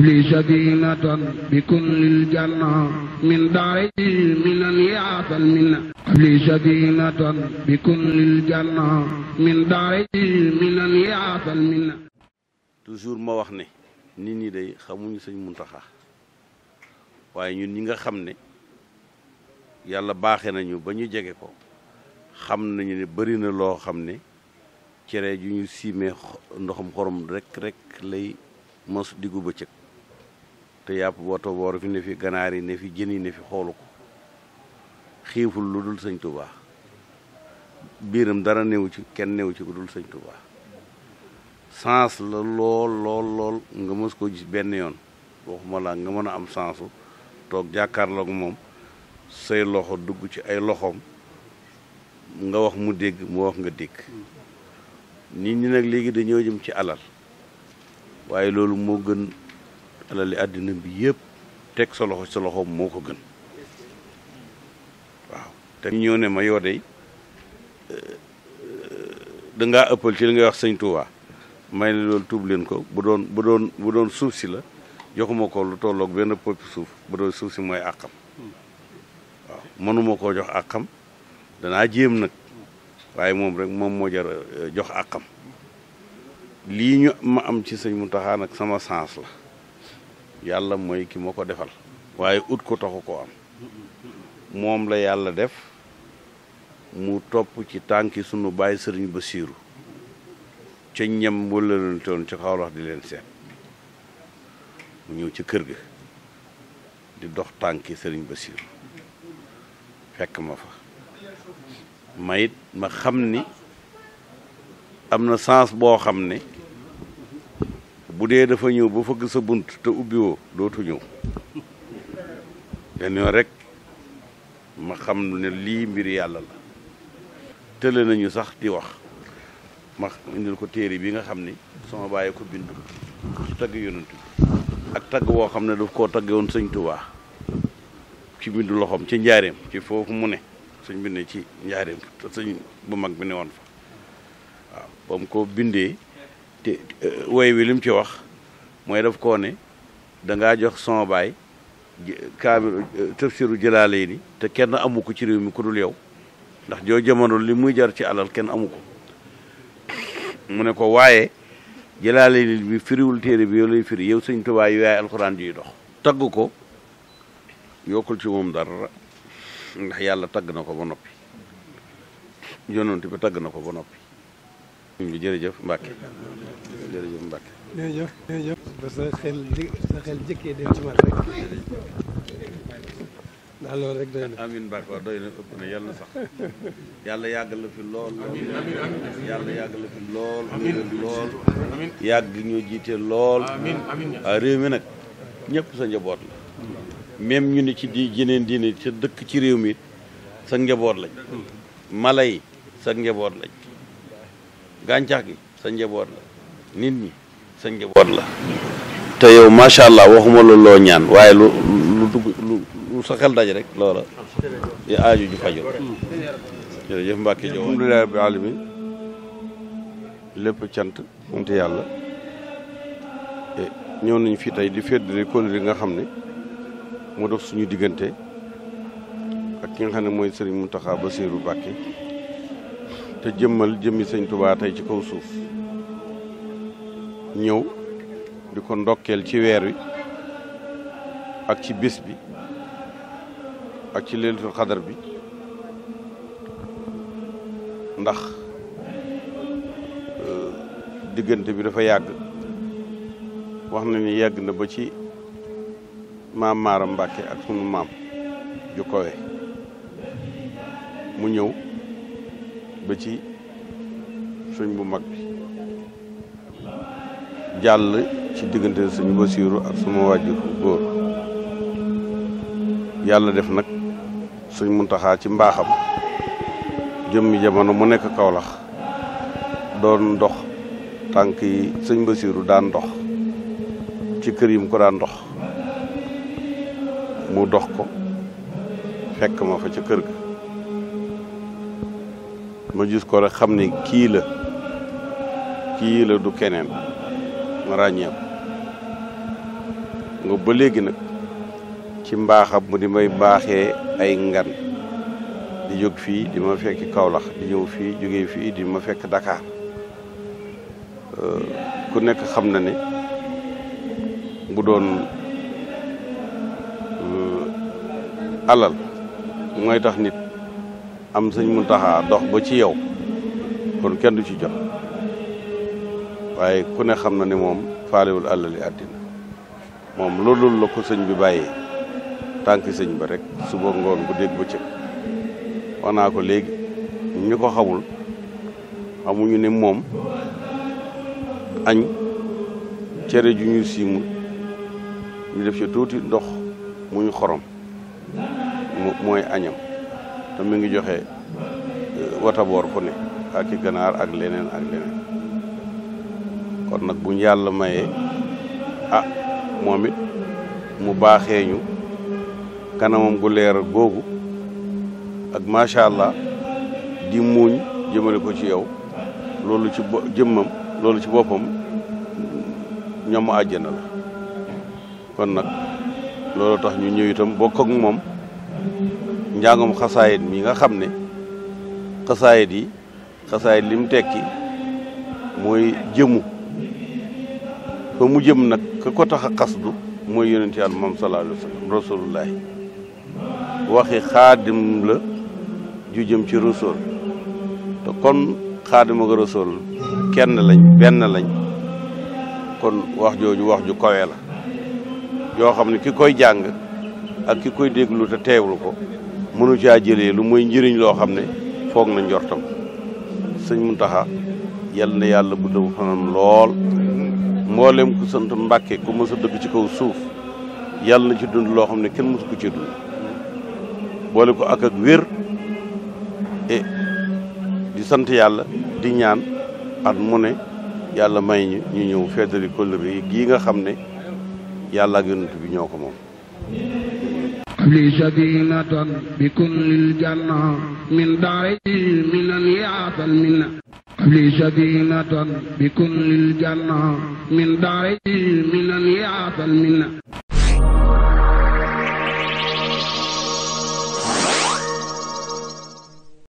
لي سكينة بكل الجنة من دار المنن يا المنى لي سكينة بكل الجنة من دار المنن يا المنى toujours ma wax ne nit ñi day xamuñu sëñ Muntaxa waaye ñun ñi nga xam ne yàlla baaxe nañu ba ñu jege ko xam nañu ne bëri na loo xam ne cere ju ñu siimee ndoxum xorom rek rek lay mos diggu bëccëg te yàpp woto woor fi ne fi ganaar yi ne fi jën yi ne fi xoolu ko xiiful lu dul sëñ Tuubaa biiram dara néew ci kenn néew ci ku dul sëñ Tuubaa sens la lool lool lool nga mës ko ji benn yoon waxuma laa nga mën a am sensu toog jàkkaarloog moom say loxo dugg ci ay loxoom nga wax mu dégg mu wax nga dégg nit ñi nag léegi dañoo jëm ci alal waaye loolu moo gën alali àddina bi yépp teg sa loxo sa loxo moo ko gën waaw te ñoo ne ma yoo dey eh, dangaa ëppal ci li ngay wax sëñ may na loolu tuub leen ko bu doon bu doon suuf si la joxuma ko lu tolloog benn poppi suuf bu doon suuf si mooy àqam waaw mënuma koo jox àqam danaa jéem nag waaye moom rek moom moo jar eh, jox àqam lii ñu ma am ci sëñ mu Mountakha ak sama sens la yàlla mooy ki ma ko defal waaye ut ko taxu koo am moom la yàlla def mu topp ci tànki sunu bàyyi sëriñ Basiiru ca ñam wala leen toon ci xawlax di leen seet mu ñëw ci kër gi di dox tànki sëriñ Basiiru fekk ma fa mayit ma xam ni am na sens boo xam ne bu dee dafa ñëw ba fëgg sa bunt te ubbiwoo dootu ñëw len rek ma xam ne lii mbir yàlla la tële nañu sax di wax ma indil ko téere bi nga xam ni sama bàyyi ko bind ci tagg yonent bi ak tagg woo xam ne daf koo taggewoon sëñ Tuubaa ci bindu loxoom ci njaareem ci foofu mu ne sëñ bi ci njaareem bu mag bi ne woon fa waaw ba mu bindee te eh, woy wi li mu ci wax mooy def koo ne dangaa jox son baay kaamil eh, tafsiru jëlaale ni te kenn amu ko ci réew mi ku yow ndax joo jamono li muy jar ci alal kenn amu ko mu ne ko waaye jëlaale ni bi firiwul téere bi yow lay firi yow sëñ Tuubaa yu yaay alxuraan juy dox tagg ko yokkul ci moom dara ndax yàlla tagg na ko ba noppi yonent bi tagg na ko ba noppi jërëjëf Mbacke jërëjëf Mbacke. jërëjëf jërëjëf. ci man rek. rek doy na. na ëpp na yàlla na sax yàlla yàggal la fi lool. amiin yàlla yàggal la fi lool. lool. yàgg ñoo jiite lool. amiin réew mi nag ñëpp sa njaboot la. même ñu ne ci di jeneen diine sa dëkk ci réew mi sa njaboot lañ. mala yi sa njaboot la gàncax gi sa njaboot la nit ñi sa njaboot la te yow macha allah waxuma la loo ñaan waaye lu lu dugg lu sa xel daj rek loola di aaju ju fajul jërëjëf Mbacke Diop alhamdulilah bi alamin lépp cant sant yàlla eh, ñëw nañu fii tey di féddali kóllëre yi nga xam ni moo dox suñu diggante ak ki nga xam ne mooy Serigne Mountakha Bassirou Mbacké te jëmmal jëmmi sëñ Tuubaa ci kaw suuf ñëw di ko ndokkeel ci weer wi ak ci bis bi ak ci leelatul xadar bi ndax euh, diggante bi dafa yàgg wax na ni yàgg na ba ci maam Maaram Mbàkke ak sunu maam ju kowe mu ñëw ba ci sëñ bu mag bi jàll ci diggante suñu basiiru ak suma wàjjur góor yàlla def nag suñ muntaxaa ci mbaaxam jëmmi jamono mu nekk kawlax doon dox tànk yi sëñ basiiru daan dox ci kër yi ko daan dox mu dox ko fekk ma fa ca kër gi ma gis ko rek xam ne kii la kii la du keneen ma nga ba léegi nag ci mbaaxam mu di may baaxe ay ngan di jóg fii di ma fekk Kaolack di ñëw fii jógee fii di ma fekk Dakar euh, ku nekk xam na ne bu doon euh, alal mooy tax nit am sëñ Muntaxa dox ba ci yow kon kenn du ci jot waaye ku ne xam na ni moom faalewul àllali àddina moom loolu la ko sëñ bi bàyyee tànki sëñ ba rek suba ngoon bu dégg ba cëg wax ko léegi ñu ko xamul xamuñu ne moom añ cere ju ñu siimul ñu def ci tuuti ndox muñ xorom mooy añam te mi ngi joxe uh, wataboor ku ne ak i ganaar ak leneen ak leneen kon nag buñ yàlla maye a ah, moom it mu baaxee ñu kanamam gu leer googu ak macha allah di muuñ ko ci yow loolu ci bo loolu ci boppam ñoom àjjana la kon nag loolu tax ñu ñëw itam moom njàngum xasaayit mi nga xam ne xasaayit yi xasaayit li tekki mooy jëmu fa mu jëm nag ka ko tax a xasdu mooy yonent yàlla moom sallallahu alayhi wa sallam rasulullahi la ju jëm ci rasul te kon xaadim ak rasul kenn lañ benn lañ kon wax jooju wax ju kawe la yoo xam ne ki koy jàng ak ki koy déglu te teewlu ko mënu caa jëlee lu mooy njëriñ loo xam ne foog na njortam sëñ Muntaxa yal na yàlla bu dëw fanam lool mboolem ku sant Mbàkke ku mës a ci kaw suuf yàlla na ci dund loo xam ne kenn mësu ko ci dund boole ko ak ak wér e di sant yàlla di ñaan at mune yàlla may ñu ñëw feddali kóllëre yi gii nga xam ne yàlla ak yonent bi ñoo ko moom li sadinatan bi kullil janna min daari minan yaasal minna li sadinatan bi kullil janna min daari minan yaasal minna